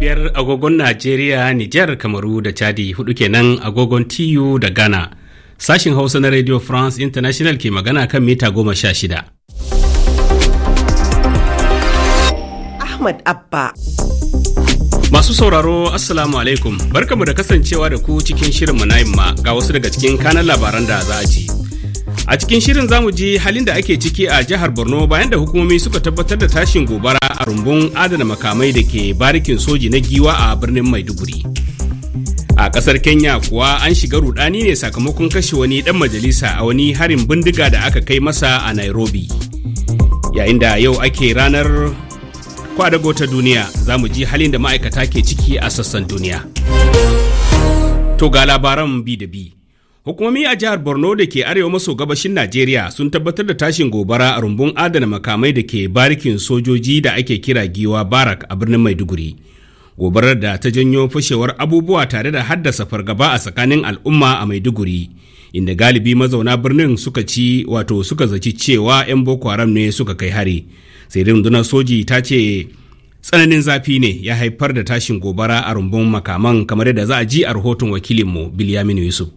biyar agogon Najeriya, Nijar, Kamaru da Chadi hudu kenan agogon TU da Ghana. Sashin Hausa na Radio France International ke magana kan mita goma sha shida. Ahmad Abba. Masu sauraro Assalamu alaikum, barkamu da kasancewa da ku cikin shirin na yamma ga wasu daga cikin kanan labaran da za a ji. A cikin shirin zamu ji halin da ake ciki a jihar Borno bayan da hukumomi suka tabbatar da tashin gobara a rumbun adana makamai da ke barikin soji na giwa a birnin Maiduguri. A ƙasar Kenya kuwa an shiga rudani ne sakamakon kashe wani ɗan majalisa a wani harin bindiga da aka kai masa a Nairobi. Yayin da yau ake ranar kwadago ta duniya za mu ji halin da ma'aikata ke ciki a sassan duniya. To ga labaran bi da bi. Hukumomi a jihar Borno da ke arewa maso gabashin Najeriya sun tabbatar da tashin gobara a rumbun adana makamai da ke barikin sojoji da ake kira giwa barak a birnin Maiduguri. Gobarar da ta janyo fashewar abubuwa tare da haddasa fargaba a tsakanin al'umma a Maiduguri, inda galibi mazauna birnin suka ci wato suka zaci cewa 'yan Boko Haram ne suka kai hari. Sai rundunar soji ta ce tsananin zafi ne ya haifar da tashin gobara a rumbun makaman kamar yadda za a ji a rahoton wakilinmu Bilyaminu Yusuf.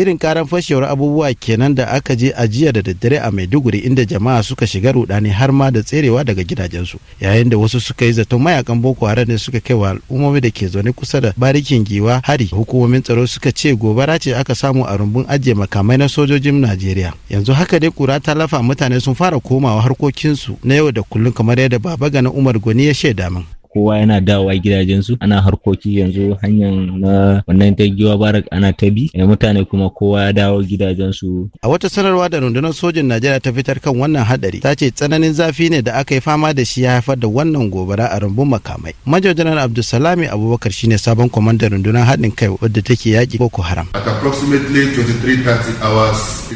irin karan fashewar abubuwa kenan da aka je ajiya da daddare a maiduguri inda jama'a suka shiga rudani har ma da tserewa daga gidajensu yayin da wasu suka yi zaton mayakan boko haram ne suka kai wa al'ummomi da ke zaune kusa da barikin giwa hari hukumomin tsaro suka ce gobara ce aka samu a rumbun ajiye makamai na sojojin najeriya yanzu haka dai kura ta lafa mutane sun fara komawa harkokinsu na yau da kullum kamar yadda baba gana umar goni ya shaida min kowa yana dawowa gidajensu ana harkoki yanzu hanyar na wannan ta giwa barak ana ta bi eh, mutane kuma kowa ya dawo gidajensu. A wata sanarwa da rundunar sojin Najeriya ta fitar kan wannan hadari ta ce tsananin zafi ne da aka yi fama da shi ya haifar da wannan gobara a rumbun makamai. Major general Abdulsalami Abubakar shine sabon kwamandan rundunar haɗin kai wadda take yaƙi Boko Haram.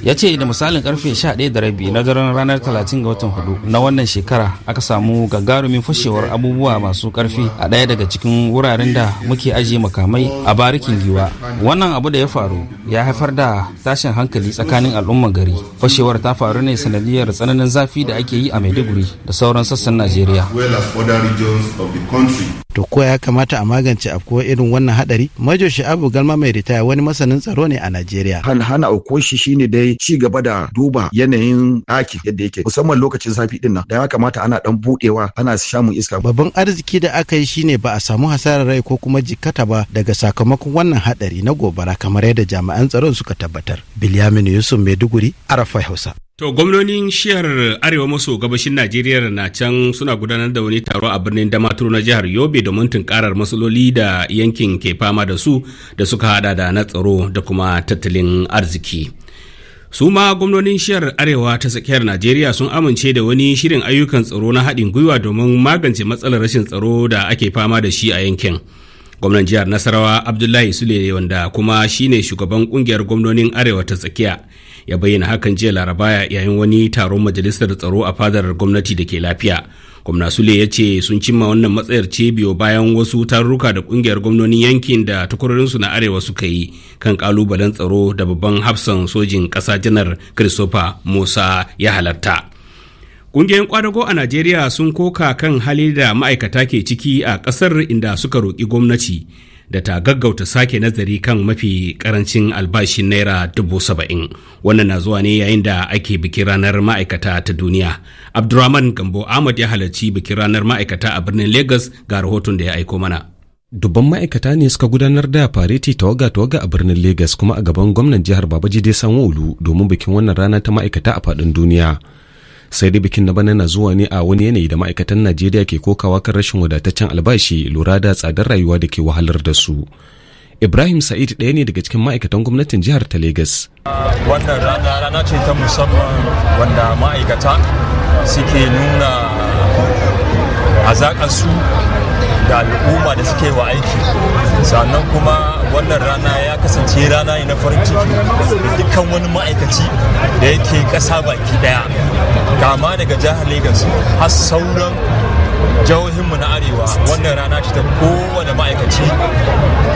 Ya ce da misalin karfe ɗaya da rabi na daren ranar talatin ga watan hudu na wannan shekara aka samu gagarumin fashewar abubuwa masu su karfi a ɗaya daga cikin wuraren da muke ajiye makamai a barikin giwa wannan abu da ya faru ya haifar da tashin hankali tsakanin al'umman gari fashewar ta faru ne sanadiyar tsananin zafi da ake yi a maiduguri da sauran sassan najeriya to ko ya kamata a magance afko irin wannan hadari majo sha'abu galma mai ritaya wani masanin tsaro ne a najeriya Hanhana hana aukuwar shi shine dai ci gaba da duba yanayin ɗaki yadda yake musamman lokacin zafi din nan da ya kamata ana ɗan budewa ana samun iska babban arziki mataki da aka yi shine ba a samu hasarar rai ko kuma jikata ba daga sakamakon wannan hadari na gobara kamar yadda jami'an tsaron suka tabbatar. Bilyamin Yusuf Maiduguri, Arafa Hausa. To gwamnonin shiyar arewa maso gabashin Najeriya na can suna gudanar da wani taro a birnin Damaturu na jihar Yobe domin tunkarar matsaloli da yankin ke fama da su da suka hada da na tsaro da kuma tattalin arziki. su ma gwamnonin shiyar arewa ta tsakiyar najeriya sun amince da wani shirin ayyukan tsaro na haɗin gwiwa domin magance matsalar rashin tsaro da ake fama da shi a yankin gwamnan jihar nasarawa abdullahi sule wanda kuma shine shugaban kungiyar gwamnonin arewa ta tsakiya ya bayyana hakan jiya laraba yayin wani taron majalisar tsaro a fadar gwamnati da ke lafiya gwamna sule ya ce sun cimma wannan matsayar ce biyo bayan wasu tarurruka da kungiyar gwamnonin yankin da takwarorinsu na arewa suka yi kan kalubalen tsaro da babban hafsan sojin ƙasa janar christopher musa ya halarta Ƙungiyoyin kwadago a Najeriya sun koka kan hali da ma'aikata ke ciki a ƙasar inda suka roƙi gwamnati da ta gaggauta sake nazari kan mafi karancin albashin naira dubu saba'in wannan na zuwa ne yayin da ake bikin ranar ma'aikata ta duniya abdurrahman gambo ahmad ya halarci bikin ranar ma'aikata a birnin lagos ga rahoton da ya aiko mana dubban ma'aikata ne suka gudanar da fareti tawaga-tawaga a birnin Legas kuma a gaban gwamnan jihar dai Sanwo-Olu domin bikin wannan rana ta ma'aikata a faɗin duniya. sai dai bikin na bana na zuwa ne a wani yanayi da ma'aikatan najeriya ke kokawa kan rashin wadataccen albashi lura da tsadar rayuwa da ke wahalar da su ibrahim sa'id ɗaya ne daga cikin ma'aikatan gwamnatin jihar ta lagos wannan rana rana ce ta musamman wanda ma'aikata suke nuna azakansu da al'umma da suke wa aiki sannan kuma wannan rana ya kasance rana ne na farin ciki da dukkan wani ma'aikaci da yake kasa baki ɗaya kama daga jihar lagos har sauran jihohinmu na arewa wannan rana ce ta kowane ma'aikaci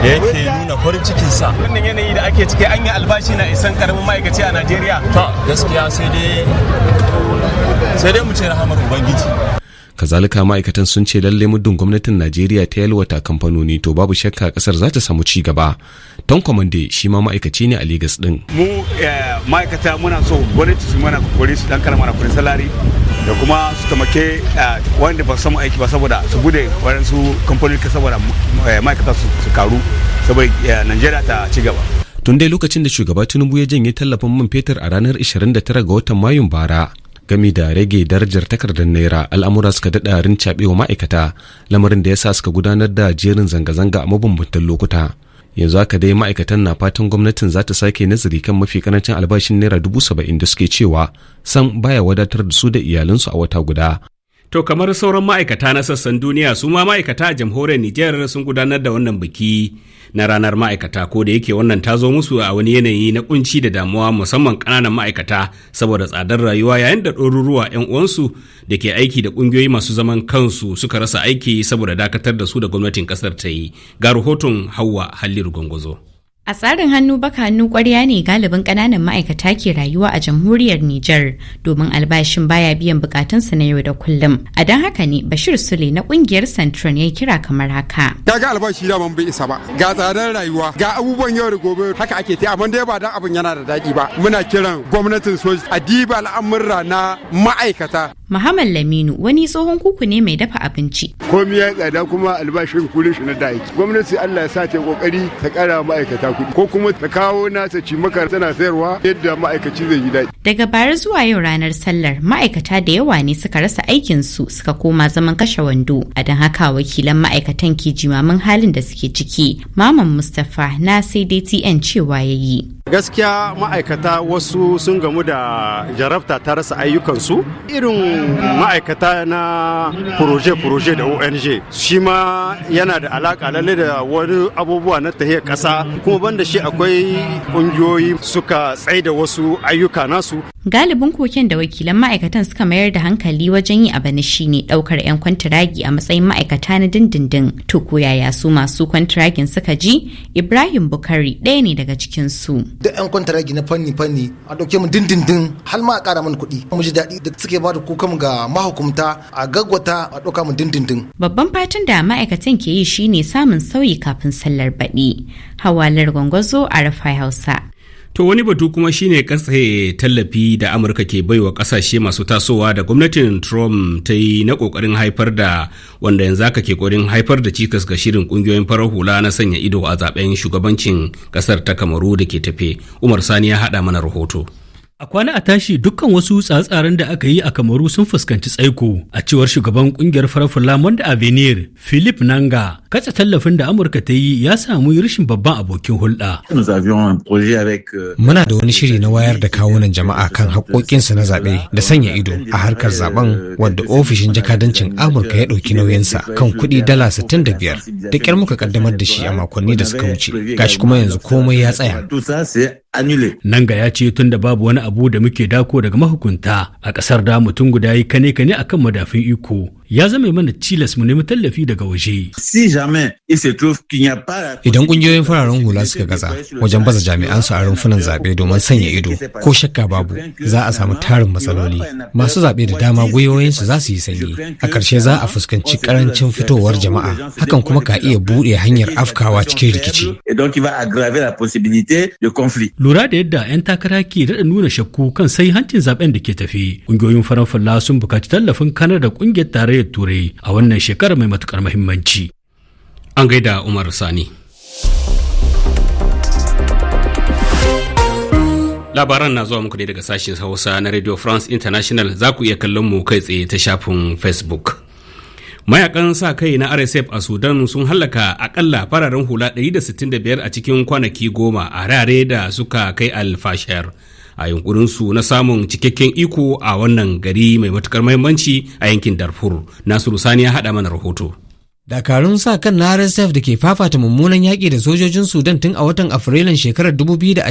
da yake nuna farin cikinsa wannan yanayi da ake cike an albashi na isan karamin ma'aikaci a najeriya ta gaskiya sai dai sai dai mu ce rahamar ubangiji kazalika ma'aikatan sun ce lalle muddin gwamnatin najeriya ta yalwata kamfanoni to babu shakka kasar za ta samu ci gaba tan kwamande shi ma ma'aikaci ne a Legas din mu eh, ma'aikata muna so gwamnati su mana kokari su dan mana kudin salari da kuma su tamake eh, wanda ba samu aiki ba saboda su bude waɗansu kamfanoni saboda eh, ma'aikata su karu saboda najeriya ta ci gaba tun dai lokacin da shugaba tinubu ya janye tallafin man fetur a ranar 29 ga watan mayun bara gami da rage darajar takardar naira al'amura suka daɗa rincaɓewa ma'aikata lamarin da ya sa suka gudanar da jerin zanga-zanga a mabambantan lokuta yanzu haka dai ma'aikatan na fatan gwamnatin za ta sake nazari kan mafi karancin albashin naira dubu saba'in da suke cewa san baya wadatar da su da iyalinsu a wata guda To kamar sauran ma'aikata na sassan duniya su ma ma'aikata a jamhuriyar Nijar sun gudanar da wannan biki na ranar ma'aikata ko da yake wannan ta zo musu a wani yanayi na kunci da damuwa musamman ƙananan ma'aikata saboda tsadar rayuwa yayin da ɗoruruwa 'yan uwansu da ke aiki da ƙungiyoyi masu zaman kansu suka rasa aiki saboda dakatar da su da gwamnatin ƙasar ta yi ga rahoton Hauwa halliru gwangwazo A tsarin hannu baka hannu kwarya ne galibin ƙananan ma'aikata ke rayuwa a jamhuriyar Nijar domin albashin baya biyan bukatunsa na yau da kullum. A don haka ne Bashir Sule na ƙungiyar Santron ya kira kamar haka. Ga ga albashi da bai isa ba. Ga tsadar rayuwa, ga abubuwan yau da gobe haka ake ta amma dai ba dan abin yana da daɗi ba. Muna kiran gwamnatin soji a diba al'amurra na ma'aikata. Muhammad Laminu wani tsohon kuku ne mai dafa abinci. Komi ya tsada kuma albashin kudin shi na da aiki. Gwamnati Allah ya ta kokari ta kara ma'aikata kudi ko kuma ta kawo nasa ci maka tana sayarwa yadda ma'aikaci zai yi daɗi. Daga bara zuwa yau ranar sallar ma'aikata da yawa ne suka rasa aikin su suka koma zaman kashe wando. A don haka wakilan ma'aikatan ke jimamin halin da suke ciki. Maman Mustapha na sai dai TN cewa yayi. Gaskiya ma'aikata wasu sun gamu da jarabta ta rasa ayyukansu irin ma'aikata na proje-proje da ong shi ma yana da alaka lalle da wani abubuwa na tahiyar kasa kuma banda shi akwai ƙungiyoyi suka tsaida wasu ayyuka nasu galibin koken da wakilan ma'aikatan suka mayar da hankali wajen yi abu shi ne ɗaukar 'yan kwantiragi a matsayin ma'aikata na dindindin to ko yaya su masu kwantiragin suka ji ibrahim bukari ɗaya ne daga cikin su duk 'yan kwantiragi na fanni fanni a dauke mu dindindin har ma a kara mana kuɗi mu ji daɗi da suke ba da kam ga mahukumta a gaggwata a ɗauka mu dindindin. Babban fatan da ma'aikatan ke yi shine samun sauyi kafin sallar baɗi. Hawalar gwangwazo a Rafai Hausa. To wani batu kuma shine katsaye tallafi da Amurka ke baiwa ƙasashe masu tasowa da gwamnatin Trump ta yi na kokarin haifar da wanda yanzu aka ke ƙoƙarin haifar da cikas ga shirin ƙungiyoyin farar hula na sanya ido a zaben shugabancin ƙasar ta Kamaru da ke tafe. Umar Sani ya haɗa mana rahoto. A kwana a tashi dukkan wasu tsatsaren da aka yi a Kamaru sun fuskanci tsaiko a cewar shugaban kungiyar da Monde Avenir Philip Nanga. Katsa tallafin da Amurka ta yi ya samu rashin babban abokin hulɗa. Euh, Muna da wani shiri na wayar da kawunan jama'a kan haƙoƙinsu na zaɓe da sanya ido a harkar zaben wadda ofishin jakadancin Amurka ya ɗauki nauyinsa kan kuɗi dala sittin da biyar. Da ƙyar muka ƙaddamar da shi a makonni da suka wuce. Gashi kuma yanzu komai ya tsaya. Nanga ya ce tun da babu wani abu da muke dako daga mahukunta a ƙasar da mutum guda yi kane-kane akan madafin iko ya zama mana tilas mu nemi tallafi daga waje. Idan kungiyoyin fararen hula suka gaza wajen baza jami'an su a rumfunan zaɓe domin sanya ido ko shakka babu za a samu tarin matsaloli masu zaɓe da dama su za su yi sanyi a ƙarshe za a fuskanci ƙarancin fitowar jama'a hakan kuma ka iya buɗe hanyar afkawa cikin rikici. Lura da yadda 'yan takara ke daɗa nuna shakku kan sai hancin zaɓen da ke tafi ƙungiyoyin farar fula sun buƙaci tallafin kanar da ƙungiyar tare Jamhuriyar turai a wannan shekara mai matukar muhimmanci an gaida umar sani labaran na zuwa muku ne daga sashen hausa na radio france international za ku iya kallon mu kai tsaye ta shafin facebook mayakan sa kai na rsf a sudan sun hallaka akalla fararen hula 165 a cikin kwanaki goma a rare da suka kai alfashar a yunkurinsu na samun cikakken iko a wannan gari mai matukar muhimmanci a yankin darfur nasiru sani ya haɗa mana rahoto dakarun sa kan na rsf da ke fafata mummunan yaƙi da sojojin sudan tun a watan afrilun shekarar 2023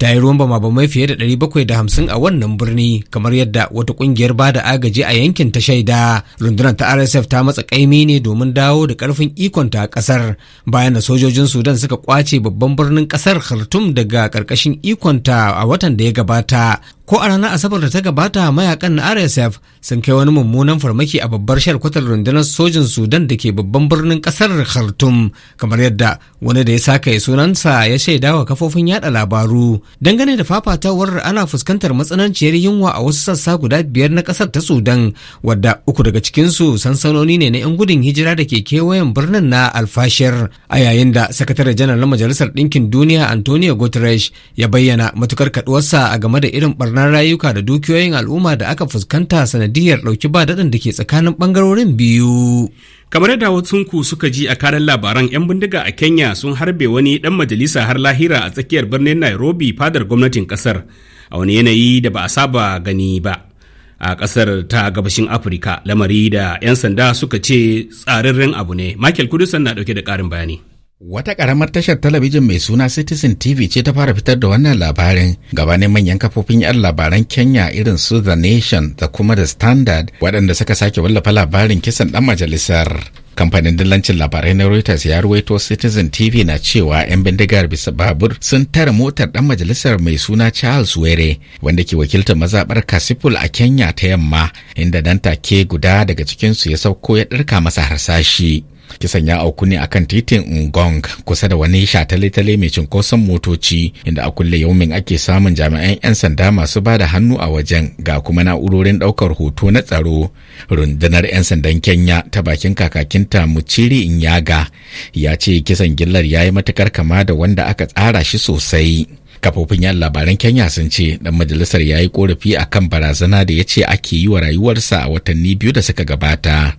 ta yi ruwan bama bamai fiye da 750 a wannan birni kamar yadda wata ƙungiyar ba da agaji a yankin ta shaida rundunar ta rsf ta matsa ƙaimi ne domin dawo da ƙarfin ikonta a ƙasar bayan da sojojin sudan suka kwace babban birnin ƙasar khartoum daga ƙarƙashin ikonta a watan da ya gabata ko a ranar asabar da ta gabata mayakan na rsf sun kai wani mummunan farmaki a babbar sharkwatar rundunar sojin sudan da ke babban birnin kasar khartoum kamar yadda wani da ya saka sunansa ya shaida wa kafofin yada labaru dangane da fafatawar ana fuskantar matsananciyar yunwa a wasu sassa guda biyar na kasar ta sudan wadda uku daga cikinsu sansanoni ne na 'yan gudun hijira da ke kewayen birnin na alfashir a yayin da sakatare janar na majalisar ɗinkin duniya antonio guterres ya bayyana matukar kaduwarsa a game da irin barnar barnar rayuka da dukiyoyin al'umma da aka fuskanta sanadiyar ɗauki ba daɗin da ke tsakanin ɓangarorin biyu. kamar yadda wasunku suka ji a kanan labaran 'yan bindiga a kenya sun harbe wani ɗan majalisa har lahira a tsakiyar birnin nairobi fadar gwamnatin ƙasar a wani yanayi da ba a saba gani ba a ƙasar ta gabashin afirka lamari da 'yan sanda suka ce tsararren abu ne michael kudusan na ɗauke da ƙarin bayani Wata ƙaramar tashar talabijin mai suna Citizen TV ce ta fara fitar da wannan labarin gabanin manyan kafofin 'yan labaran Kenya irin su The Nation da kuma The Standard waɗanda suka sake wallafa labarin kisan ɗan majalisar. Kamfanin dillancin labarai na Reuters ya ruwaito Citizen TV na cewa 'yan bindigar bisa babur sun tara motar ɗan majalisar mai suna Charles Were wanda ke wakiltar mazaɓar Kasipul a Kenya ta yamma inda nan take guda daga cikinsu ya sauko ya ɗirka masa harsashi. kisan ya auku ne akan titin ngong kusa da wani shataletale tale mai cunkoson motoci inda a kulle yaumin ake samun jami'an 'yan sanda masu ba da hannu a wajen ga kuma na'urorin ɗaukar hoto na tsaro rundunar 'yan sandan kenya ta bakin kakakinta muciri inyaga ya ce kisan gillar ya yi matukar kama da wanda aka tsara shi sosai kafofin yan labaran kenya sun ce dan majalisar ya yi korafi akan barazana da ya ce ake yi wa rayuwarsa a watanni biyu da suka gabata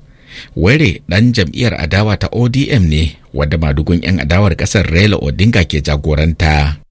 were ɗan jam'iyyar adawa ta odm ne wadda madugun 'yan adawar ƙasar raila odinga ke jagoranta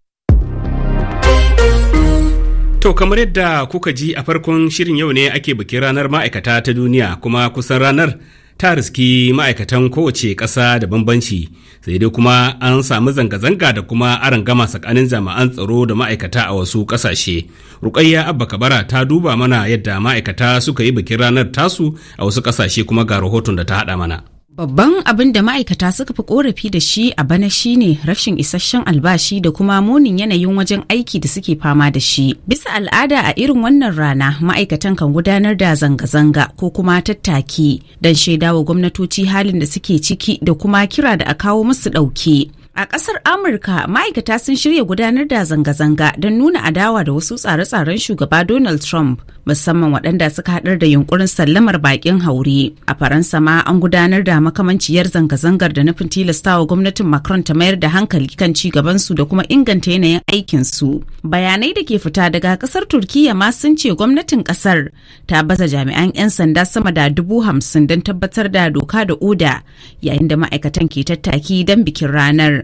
To kamar yadda kuka ji a farkon shirin yau ne ake bikin ranar ma'aikata ta duniya kuma kusan ranar ta riski ma'aikatan kowace ƙasa da bambanci sai dai kuma an samu zanga-zanga da kuma gama tsakanin jama'an tsaro da ma'aikata a wasu ƙasashe rukayya abba kabara ta duba mana yadda ma'aikata suka yi bikin ranar tasu a wasu ƙasashe kuma ga rahoton da ta haɗa mana Babban abin da ma'aikata suka fi korafi da shi a bana shine rashin isasshen albashi da kuma munin yanayin wajen aiki da suke fama da shi. Bisa al'ada a irin wannan rana ma'aikatan kan gudanar da zanga-zanga ko kuma tattaki don shaidawa gwamnatoci halin da suke ciki da kuma kira da a kawo musu ɗauke. A ƙasar Amurka, ma'aikata sun shirya gudanar da zanga-zanga don nuna adawa da wasu tsare-tsaren shugaba Donald Trump, musamman waɗanda suka haɗar da yunkurin sallamar baƙin haure. A Faransa ma an gudanar da makamanciyar zanga-zangar da nufin tilastawa gwamnatin Macron ta mayar da hankali kan ci gabansu da kuma inganta yanayin aikin su. Bayanai da ke fita daga ƙasar Turkiyya ma sun ce gwamnatin ƙasar ta baza jami'an 'yan sanda sama da dubu hamsin don tabbatar da doka da oda, yayin da ma'aikatan ke tattaki don bikin ranar.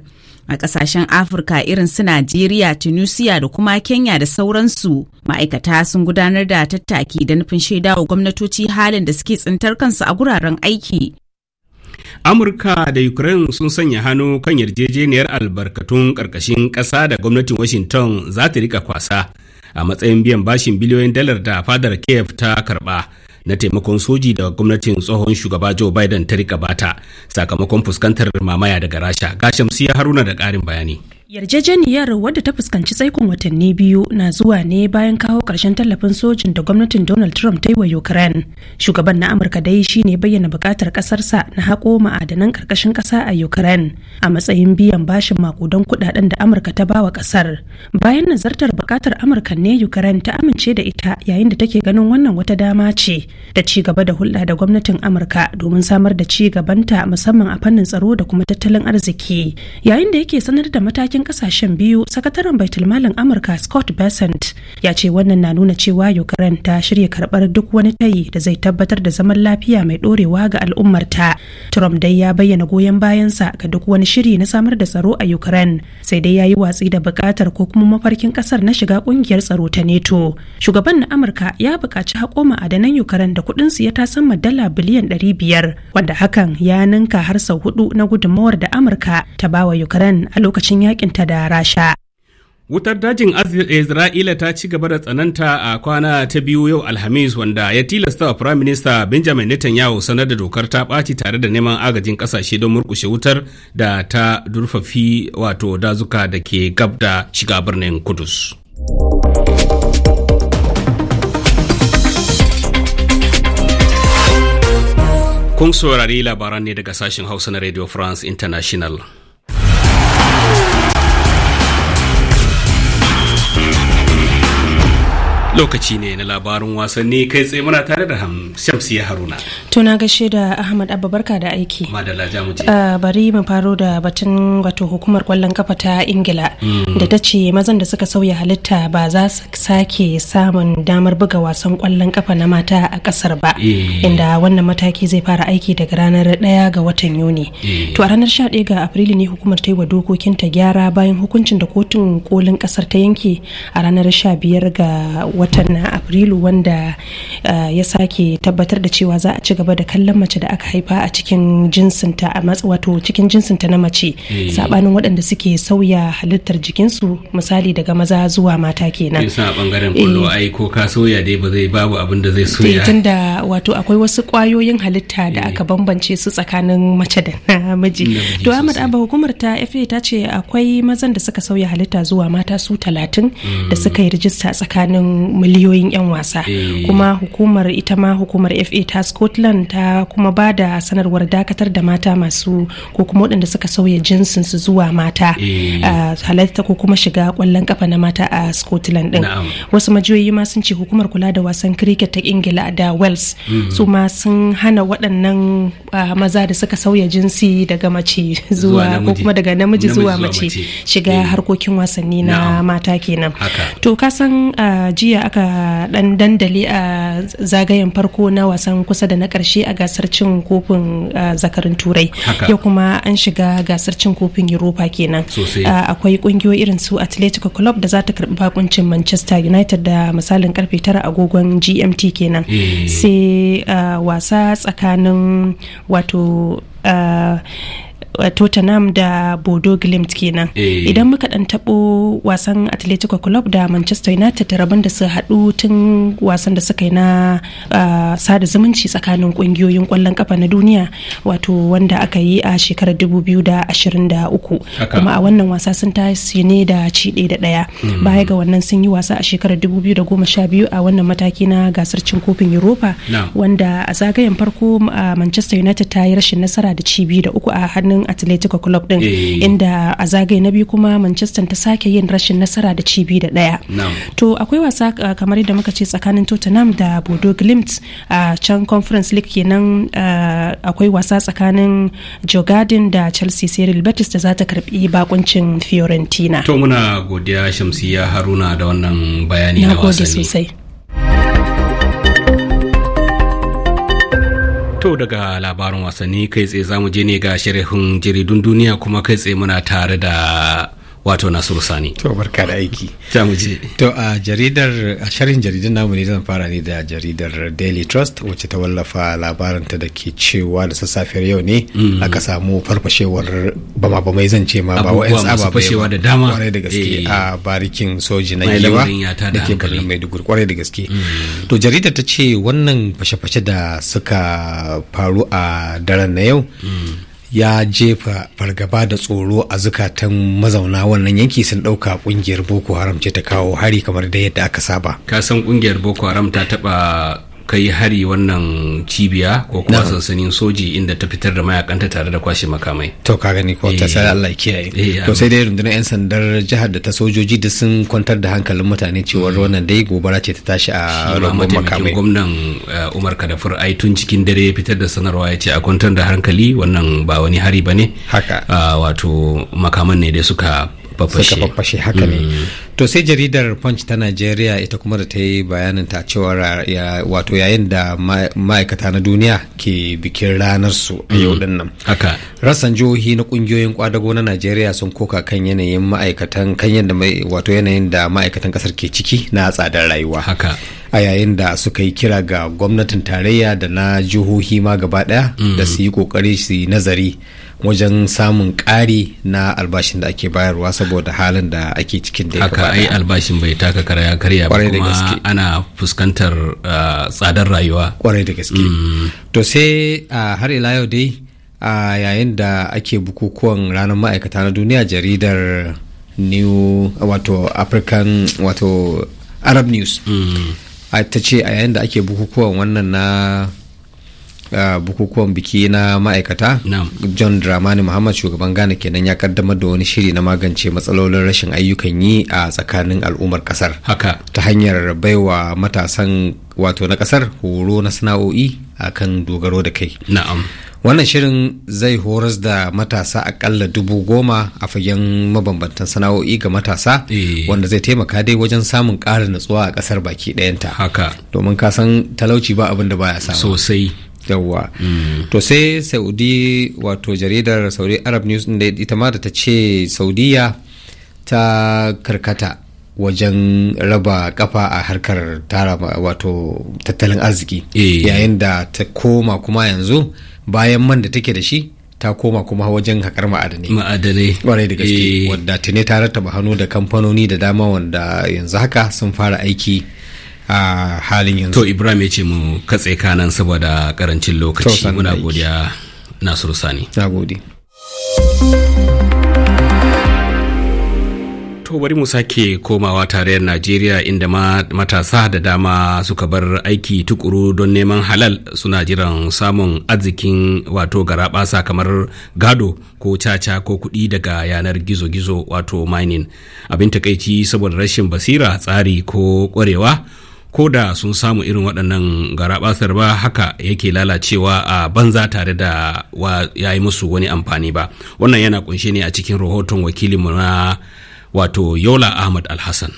a kasashen afirka irin su najeriya tunisia da kuma kenya da sauransu ma'aikata sun gudanar da tattaki da nufin shaidawa gwamnatoci halin da suke tsintar kansu a guraren aiki amurka da ukraine sun sanya hannu kan yarjejeniyar albarkatun karkashin kasa da gwamnatin washington za ta rika kwasa a matsayin biyan bashin biliyoyin dalar da fadar kiev ta karba na taimakon soji daga gwamnatin tsohon shugaba Joe Biden ta rika bata sakamakon fuskantar mamaya daga Rasha. Ga Shamsiya Haruna da ƙarin bayani. Yarjejeniyar wadda ta fuskanci tsaikon watanni biyu na zuwa ne bayan kawo ƙarshen tallafin sojin da gwamnatin Donald Trump ta yi wa Ukraine. Shugaban na Amurka dai shi ne bayyana buƙatar ƙasarsa na haƙo ma'adanan ƙarƙashin ƙasa a Ukraine a matsayin biyan bashin makudan kuɗaɗen da Amurka ta bawa ƙasar. Bayan nazartar buƙatar Amurka ne Ukraine ta amince da ita yayin da take ganin wannan wata dama ce da ci gaba da hulɗa da gwamnatin Amurka domin samar da ci gabanta musamman a fannin tsaro da kuma tattalin arziki. Yayin da yake sanar da matakin kasashen biyu sakataren baitulmalin amurka scott Besant ya ce wannan na nuna cewa ukraine ta shirya karbar duk wani tayi da zai tabbatar da zaman lafiya mai dorewa ga al'ummarta trump dai ya bayyana goyon bayansa ga duk wani shiri na samar da tsaro a ukraine sai dai ya yi watsi da bukatar ko kuma mafarkin kasar na shiga kungiyar tsaro ta neto shugaban na amurka ya bukaci hakoma adanan ukraine da kuɗin su ya sama dala biliyan 500 wanda hakan ya ninka har sau hudu na gudunmawar da amurka ta bawa ukraine a lokacin yakin da rasha Wutar dajin Isra'ila ta ci gaba da tsananta a kwana ta biyu yau Alhamis wanda ya tilasta wa Prime Minister Benjamin Netanyahu sanar da dokar ta ɓaci tare da neman agajin ƙasashe don murƙushe wutar da ta durfafi wato dazuka da ke gab da shiga birnin Kudus. Kun saurari labaran ne daga sashen Hausa na Radio France International. lokaci ne na labarin wasanni kai tsaye muna tare da hamsiyar haruna tuna gaishe da ahmad barka da aiki ah, bari mu faro da batun wato hukumar kwallon kafa ta ingila mm. da ta ce mazan da suka sauya halitta ba za su sake samun damar buga wasan kwallon kafa na mata a kasar ba eh. inda wannan mataki zai fara aiki daga ranar ɗaya ga watan yuni eh. to a ranar 11 ga afrilu ne hukumar ta yi wa dokokin ta gyara bayan hukuncin da kotun kolin kasar ta yanke a ranar 15 ga watan afrilu wanda ah, ya sake tabbatar da cewa za a ci gaba gaba da kallon mace da aka haifa a cikin jinsinta a matsa wato cikin jinsinta na mace eh. sabanin waɗanda suke sauya halittar jikinsu misali daga maza zuwa mata kenan yasa eh, a bangaren kullo eh. ai ko ka sauya dai ba zai babu abin da zai soya da wato akwai wasu kwayoyin halitta da aka bambance su tsakanin mace da namiji to Ahmad Abba hukumar ta FA ta ce akwai mazan da suka sauya halitta zuwa mata su talatin da mm. suka yi rijista tsakanin miliyoyin 'yan wasa kuma hukumar ita ma hukumar FA ta Scotland tsarin kuma ba da sanarwar dakatar da mata masu ko kuma waɗanda suka sauya jinsin su zuwa mata eh. a halatta ko kuma shiga kwallon kafa na mata a scotland din wasu majiyoyi ma sun ce hukumar kula da wasan cricket ta ingila da wales mhm. su ma sun hana waɗannan maza da suka sauya jinsi daga mace zuwa ko kuma daga namiji zuwa mace shiga eh. harkokin wasanni na mata kenan to ka san jiya aka dan dandali a zagayen farko na wasan kusa da na ƙarshe karshe a gasar cin kofin zakarin turai ya kuma an shiga gasar cin kofin europa kenan akwai kungiyoyi irin su atletico club da za ta karbi bakuncin manchester united da misalin karfe tara agogon gmt kenan eh. sai wasa tsakanin wato Eh, tottenham da bodo glimt kenan eh. idan muka dan tabo wasan atletico club da manchester united rabon da su haɗu tun wasan da suka yi na eh, sada zumunci tsakanin kungiyoyin kwallon kafa na duniya wato wanda aka yi a shekarar 2023 kuma a wannan wasa sun ta yi ne da ci da ɗaya hmm. baya ga wannan sun yi wasa a shekarar 2012 a wannan mataki na gasar cin kofin europa wanda a zagayen farko manchester united ta yi rashin nasara da ci biyu da uku a hannun atletico club din eh. inda a zagaye na biyu kuma manchester ta sake yin rashin nasara da cibi da daya to akwai wasa ah, kamar yadda muka ce tsakanin tottenham da bodo glimt a can conference league kenan ah, akwai wasa tsakanin jogadin da chelsea cyril betis da zata ta karbi bakuncin fiorentina to muna godiya shamsiya haruna da wannan bayani na wasanni To daga labarin wasanni kai tsaye zamu je ne ga shirin jaridun duniya kuma kai tsaye muna tare da wato nasiru sani to barka da aiki ta muje to a jaridar a sharhin jaridar namu ne zan fara ne da jaridar daily trust wacce ta wallafa ta da ke cewa da sassafiyar yau ne mm. aka samu farfashewar bama bamai zan ce ma ba wa tsaba fashewa da dama kwarai da gaske eh. a barikin soji na yiwa da ke birnin maiduguri kwarai da gaske mm. to jaridar ta ce wannan fashe-fashe da suka faru a daren na yau mm. ya jefa fargaba da tsoro a zukatan mazauna wannan yanki sun ɗauka ƙungiyar boko haram ce ta kawo hari kamar da yadda aka saba ka san ƙungiyar boko haram ta taba Ka yi hari wannan cibiya ko kuma sansanin soji inda ta fitar da mayakanta tare da kwashe makamai to ka gani ko ta sai eh. Allah kiyaye eh, to sai dai rundunar yan sandar jihar da ta sojoji da sun kwantar da hankalin mutane cewa hmm. wannan dai gobara ce ta tashi a rumbun makamai gwamnan eh, Umar Kadafur ai tun cikin dare ya fitar da sanarwa ya ce a kwantar da hankali wannan ba wani hari bane haka ah, wato makaman ne dai suka suka faffashe haka ne mm. to sai jaridar punch ta najeriya ita kuma da ta yi bayanin ta cewa wato yayin da ma'aikata na duniya ke bikin ranar su a yau mm. din nan rassan jihohi na kungiyoyin kwadago na najeriya sun koka kan yanayin ma'aikatan kan yadda wato yanayin da ma'aikatan kasar ke ciki na tsadar rayuwa haka a yayin da suka yi kira ga gwamnatin tarayya da na jihohi ma gaba daya mm. da su yi kokari su nazari wajen samun ƙari na albashin da ake bayarwa saboda halin da ake cikin da haka ai albashin bai taka kara karya ba kuma ana fuskantar uh, tsadar rayuwa kwarai da gaske mm. to sai uh, har ila yau dai a uh, yayin da ake bukukuwan ranar ma'aikata na duniya jaridar new wato african wato arab news mm. ta ce a yayin da ake bukukuwan wannan na bukukuwan biki na ma'aikata john dramani muhammad shugaban ghana kenan ya kaddamar da wani shiri na magance matsalolin rashin ayyukan yi a tsakanin al'ummar kasar ta hanyar baiwa matasan wato na kasar horo na sana'o'i akan dogaro da kai na'am wannan shirin zai horas da matasa akalla dubu goma a fagen mabambantan sana'o'i ga matasa eh. wanda zai taimaka dai wajen samun ƙarin natsuwa a ƙasar baki ɗayanta haka domin kasan talauci ba abin da baya samu sosai yawwa to sai saudi wato jaridar saudi arab news da ita ma da ta ce saudiya ta karkata wajen raba kafa a harkar tara wato tattalin arziki eh. yayin da ta koma kuma yanzu bayan man da take da shi ta koma kuma wajen haƙar ma'adanai ma'adanai ƙwarai da gaske eh. wadda ta ne ta rattaba hannu da kamfanoni da dama wanda yanzu haka sun fara aiki a halin yanzu to ibrahim ya ce mu katse kanan saboda karancin lokaci muna godiya nasiru sani na gode to bari mu sake komawa tarayyar najeriya inda matasa da dama suka bar aiki tukuru don neman halal suna jiran samun arzikin wato garabasa kamar gado ko caca ko kuɗi daga yanar gizo-gizo wato mining abin takaici saboda rashin basira tsari ko ƙwarewa ko da sun samu irin waɗannan garaɓasar ba haka yake lalacewa a banza tare da wa ya yi musu wani amfani ba wannan yana kunshe ne a cikin rahoton wakilinmu na wato yola ahmad alhassan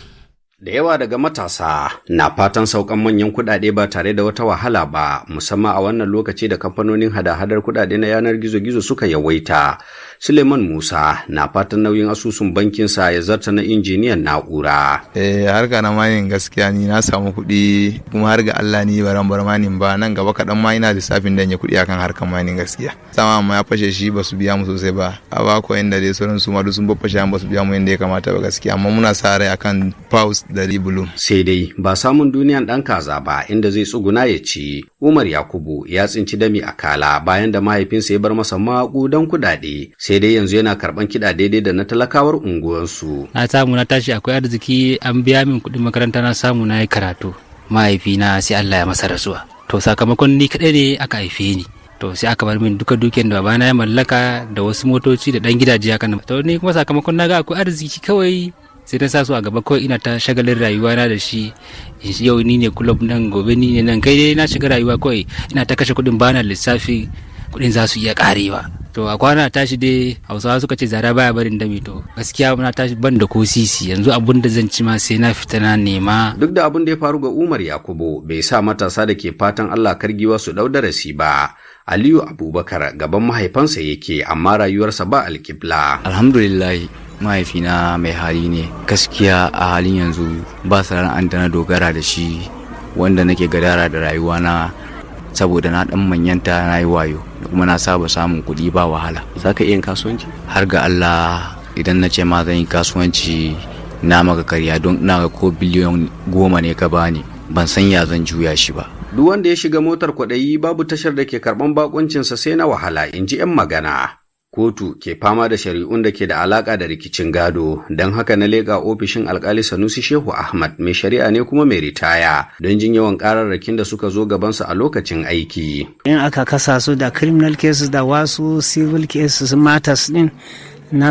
da yawa daga matasa na fatan saukan manyan kuɗaɗe ba tare da wata wahala ba musamman a wannan lokaci da kamfanonin hada-hadar kuɗaɗe na yanar gizo-gizo suka yawaita Suleiman Musa na fatan nauyin asusun bankinsa ya zarta na injiniyan na'ura. Eh har ga na mayin gaskiya ni na samu kuɗi kuma har ga Allah ni baran bar mayin ba nan gaba kaɗan ma ina lissafin dan ya kuɗi akan harkan manin gaskiya. Sama amma ya fashe shi ba su biya mu sosai ba. A ba ko inda dai sauran su ma duk sun baffashe an ba su biya mu inda ya kamata ba gaskiya amma muna sa rai akan Paus da ribulu Sai dai ba samun duniyan ɗan kaza ba inda zai tsuguna ya ci. Umar Yakubu ya tsinci dami a kala bayan da mahaifinsa ya bar masa maƙudan kuɗaɗe. sai dai yanzu yana karban kiɗa daidai da na talakawar unguwarsu. na samu na tashi akwai arziki an biya min kuɗin makaranta na samu na yi karatu mahaifina sai allah ya masa rasuwa to sakamakon ni kaɗai ne aka haife ni to sai aka bar min duka dukiyar da babana ya mallaka da wasu motoci da ɗan gidaje haka to ni kuma sakamakon na ga akwai arziki kawai sai na sa su a gaba kawai ina ta shagalin rayuwa na da shi yau ni ne kulob nan gobe ni ne nan kai dai na shiga rayuwa kawai ina ta kashe kuɗin bana lissafi kuɗin za su iya karewa to a kwana tashi dai hausawa suka ce zara baya barin dami to gaskiya muna tashi ban da ko sisi yanzu abun da zan ci ma sai na fita na nema duk da abun da ya faru ga Umar Yakubu bai sa matasa da ke fatan Allah kargiwa su dau darasi ba Aliyu Abubakar gaban mahaifansa yake amma rayuwarsa ba alkibla alhamdulillah mahaifina mai hali ne gaskiya a halin yanzu ba sana'ar da na dogara da shi wanda nake gadara da rayuwana saboda na dan manyanta na yi wayo da kuma na saba samun kuɗi ba wahala za ka iya kasuwanci har ga allah idan na ce ma zan yi kasuwanci na maka karya don ina ga ko biliyon goma ne ka bani ban san ya zan juya shi ba duk wanda ya shiga motar kwaɗayi babu tashar da ke karɓan bakuncinsa sai na wahala in ji 'yan magana kotu ke fama da shari'un da ke da alaka da rikicin gado don haka na leƙa ofishin alkali sanusi shehu ahmad mai shari'a ne kuma mai ritaya don jin yawan kararrakin da suka zo gabansu a lokacin aiki in aka kasa su da criminal cases da wasu civil cases matters din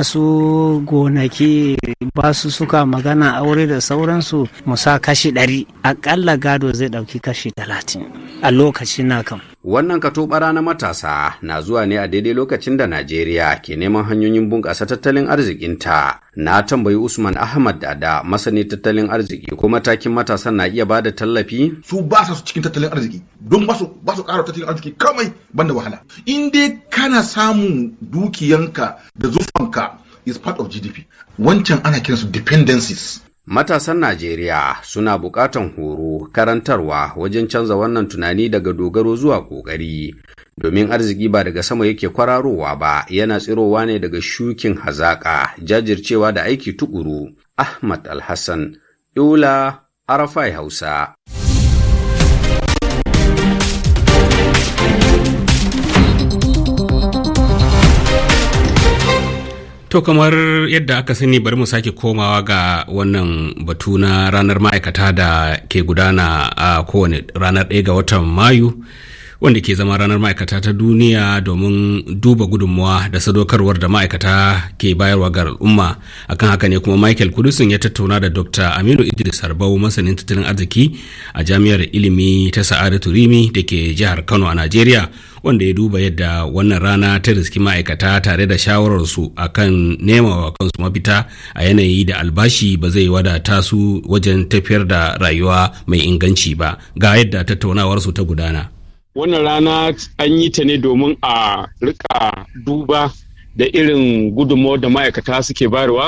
su gonaki ba su suka magana aure da sauransu musa kashi ɗari aƙalla gado zai ɗauki kashi talatin a lokacin na kam Wannan katobara na matasa na zuwa ne a daidai lokacin da Najeriya ke neman hanyoyin bunƙasa tattalin arzikinta. Na tambayi Usman Ahmad Dada masani tattalin arziki ko matakin matasan na iya bada tallafi? Su ba su cikin tattalin arziki don ba su ƙara tattalin arziki kamai banda wahala. In dai kana samun dukiyanka da zufanka is part of GDP. Wancan ana kiransu dependencies. Matasan Najeriya suna buƙatan horo, karantarwa wajen canza wannan tunani daga dogaro zuwa ƙoƙari. Domin arziki ba daga sama yake kwararowa ba, yana tsirowa ne daga shukin hazaƙa, jajircewa da aiki tuƙuru. Ahmad Alhassan, Iula, Arafai Hausa. To kamar yadda aka sani bari mu sake komawa ga wannan batu na ranar ma'aikata da ke gudana a kowane ranar ɗaya ga watan Mayu wanda ke zama ranar ma'aikata ta duniya domin duba gudunmuwa da sadaukarwar da ma'aikata ke bayarwa ga al'umma akan haka ne kuma Michael Kudusin ya tattauna da Dr. Aminu Idris Harbau masanin tattalin arziki a jami'ar ilimi ta Sa'adatu Rimi da ke jihar Kano a Najeriya wanda ya duba yadda wannan rana ta riski ma'aikata tare da shawararsu a kan nema wa kansu mafita a yanayi da albashi ba zai wadata su wajen tafiyar da rayuwa mai inganci ba ga yadda tattaunawarsu ta gudana. Wannan rana an yi ta ne domin a rika duba da irin gudunmawar da ma'aikata suke bayarwa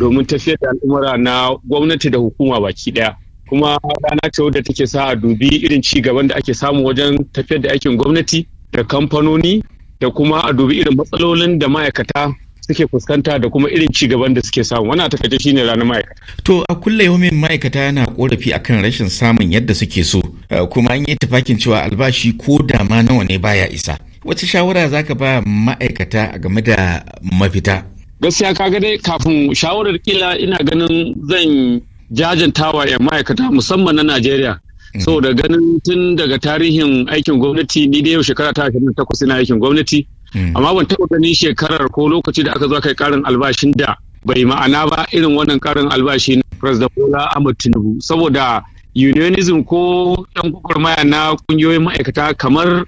domin tafiyar da al'umara na gwamnati da hukuma baki daya. kuma rana ce wadda take sa a dubi irin ci gaban da ake samu wajen tafiyar da aikin gwamnati da kamfanoni da kuma a dubi irin matsalolin da ma'aikata suke fuskanta da kuma irin ci gaban da suke samu wani takaice shine ranar ma'aikata. To a kulle yomin ma'aikata yana korafi akan rashin samun yadda suke so eh, kuma an yi tafakin cewa albashi ko da ma nawa ne baya isa. Wace shawara zaka ba ma'aikata game da mafita? Gaskiya kaga dai kafin shawarar kila ina ganin zan jajantawa ya ma'aikata musamman na Najeriya so da ganin tun daga tarihin aikin gwamnati ni da yau shekara ta ashirin takwas ina aikin gwamnati hmm. amma ban taɓa ganin shekarar ko lokaci da aka zo kai karin albashin da bai ma'ana ba irin wannan karin albashi na president bola Ahmed tinubu saboda unionism ko ɗan gwagwarmaya na ƙungiyoyin ma'aikata kamar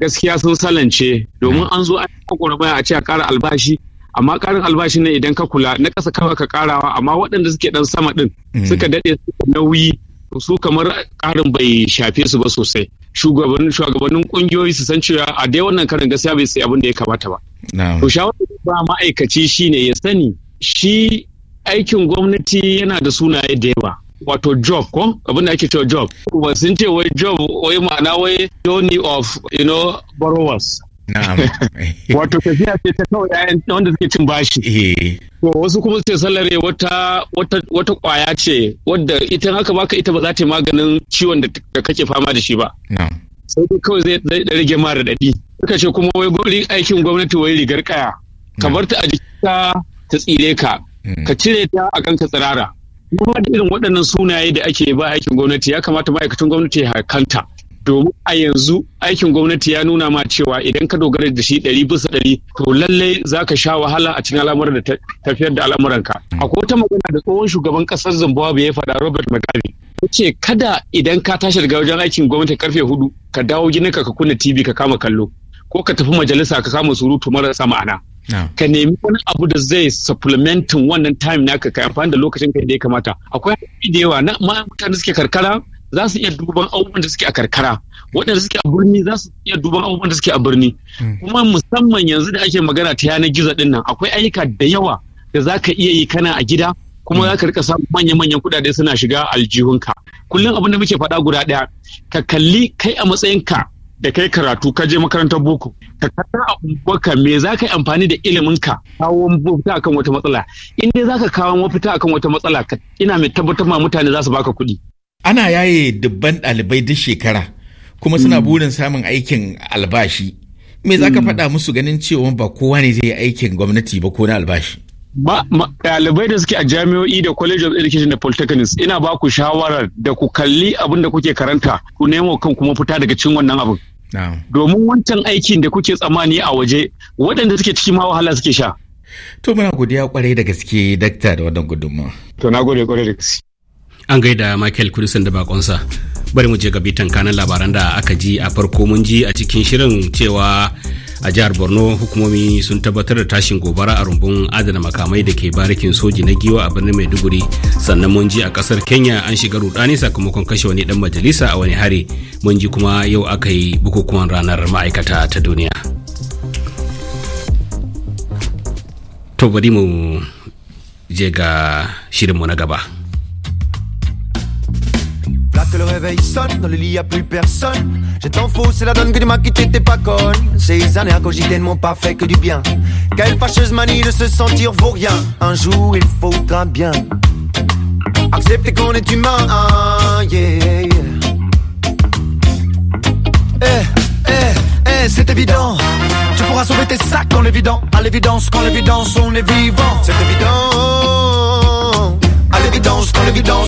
gaskiya sun salance domin an zo an gwagwarmaya a ce a kara albashi amma karin albashi ne idan ka kula na ƙasa kawai ka karawa amma waɗanda suke ɗan sama ɗin hmm. suka daɗe suka nauyi su kamar karin bai shafe su ba sosai shugabannin ƙungiyoyi kungiyoyi su san cewa a dai wannan karin gaskiya bai sai abin da ya kamata ba to shawarar ba ma'aikaci shine ya sani shi aikin gwamnati yana da sunaye da yawa wato job ko abin da ake cewa job ba sun ce wai job wai ma'ana wai journey of you know borrowers wato tafiya ce ta kawai yayan wanda suke cin bashi eh. to wasu kuma sai salare wata wata kwaya ce wadda ita haka baka ita ba za ta yi maganin ciwon da kake fama da shi ba sai dai kawai zai da rage ma raɗaɗi suka ce kuma wai aikin gwamnati wai rigar kaya ka bar ta a jikinka ta tsire ka mm. ka cire ta a kanka tsirara kuma da irin waɗannan sunaye da ake ba aikin gwamnati ya kamata ma'aikatan gwamnati ya kanta domin a yanzu aikin gwamnati ya nuna ma cewa idan ka dogara da shi ɗari bisa ɗari to lallai za ka sha wahala a cikin al'amuran da tafiyar da al'amuranka. Akwai wata magana da tsohon shugaban ƙasar Zimbabwe ya faɗa Robert Mugabe. Ya ce kada idan ka tashi daga wajen aikin gwamnati karfe hudu ka dawo gidanka ka kunna TV ka kama kallo ko ka tafi majalisa ka kama surutu marasa ma'ana. ka nemi wani abu da zai supplementin wannan time naka ka amfani da lokacin ka da ya kamata akwai hanyoyi da yawa na mutane suke karkara za su iya duban abubuwan da suke a karkara waɗanda suke a birni za su iya duban abubuwan da suke a birni hmm. kuma musamman yanzu da ake magana ta yanar gizo din nan akwai ayyuka da yawa da za ka iya yi kana a gida kuma hmm. za ka rika samun manya-manyan kuɗaɗe suna shiga aljihunka kullum abin da muke faɗa guda ɗaya ka kalli kai a matsayinka da kai karatu ka je makarantar boko ka kasa a unguwarka me za ka yi amfani da iliminka kawo mafita akan wata matsala in dai za ka kawo mafita akan wata matsala ina mai tabbatar ma mutane za su baka kuɗi ana yaye dubban ɗalibai duk shekara kuma suna hmm. burin samun aikin albashi me za ka hmm. faɗa musu ganin cewa ba kowa ne zai yi aikin gwamnati ba ko na albashi ɗalibai da suke a jami'o'i da college of education da polytechnics ina ba ku shawarar da ku kalli abin da kuke karanta ku nemo kan kuma fita daga cikin wannan abin domin wancan aikin da kuke tsammani a waje waɗanda suke cikin ma wahala suke sha to muna godiya kwarai da gaske dakta da wannan gudunmawa to na gode kwarai da gaske an gaida michael kudisin da bakonsa bari mu je ga bitan kanan labaran da aka ji a farko mun ji a cikin shirin cewa a jihar borno hukumomi sun tabbatar da tashin gobara a rumbun adana makamai da ke barikin soji na giwa a birnin maiduguri sannan mun ji a kasar kenya an shiga rudani sakamakon kashe wani dan majalisa a wani hari mun ji kuma yau aka yi bukukuwan ranar ma'aikata ta duniya to bari mu je ga shirinmu na gaba que le réveil sonne, dans le lit y a plus personne. Je t'en fous, c'est la donne que tu m'as quitté, t'es pas conne. Ces années à ne pas fait que du bien. Quelle fâcheuse manie de se sentir vaut rien. Un jour il faudra bien accepter qu'on est humain. Ah, yeah. Eh, eh, eh, c'est évident. Tu pourras sauver tes sacs en l'évident. À l'évidence, quand l'évidence, on est vivant. C'est évident. À l'évidence, quand l'évidence,